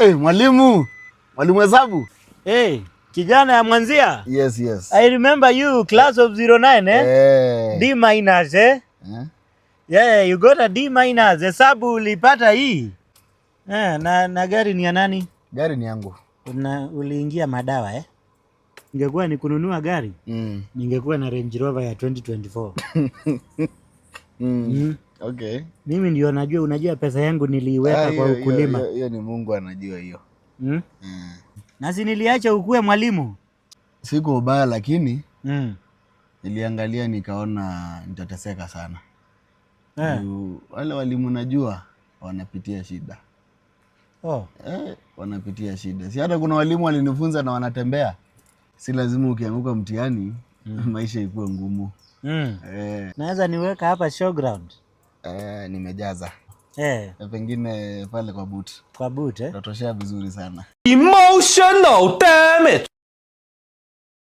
Hey, eh, mwalimu mwalimu hesabu hey, eh, kijana ya mwanzia. Yes, yes. I remember you class of 09 eh? Hey. Eh. D minus eh? Yeah. Yeah, you got a D minus. Hesabu ulipata hii eh, na, na gari ni ya nani? Gari ni yangu. Una, uliingia madawa eh? Ningekuwa ni kununua gari mm. Ningekuwa na Range Rover ya 2024 mm. Mm. Okay. Mimi ndio najua, unajua pesa yangu niliiweka ah, kwa ukulima. Hiyo ni Mungu anajua hiyo hmm? mm. Nasi niliacha ukue mwalimu, siku ubaya, lakini mm. niliangalia nikaona nitateseka sana eh. Wale walimu najua wanapitia shida oh. Eh, wanapitia shida, si hata kuna walimu walinifunza na wanatembea, si lazima ukianguka mtihani mm. maisha ikuwe ngumu mm. eh. Naweza niweka hapa showground eh, nimejaza eh. eh. Pengine pale kwa boot, kwa boot eh, tatoshea vizuri sana. Emotional damage.